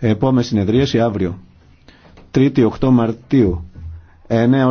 Επόμενη συνεδρίαση αύριο. 3η 8 Μαρτίου. 9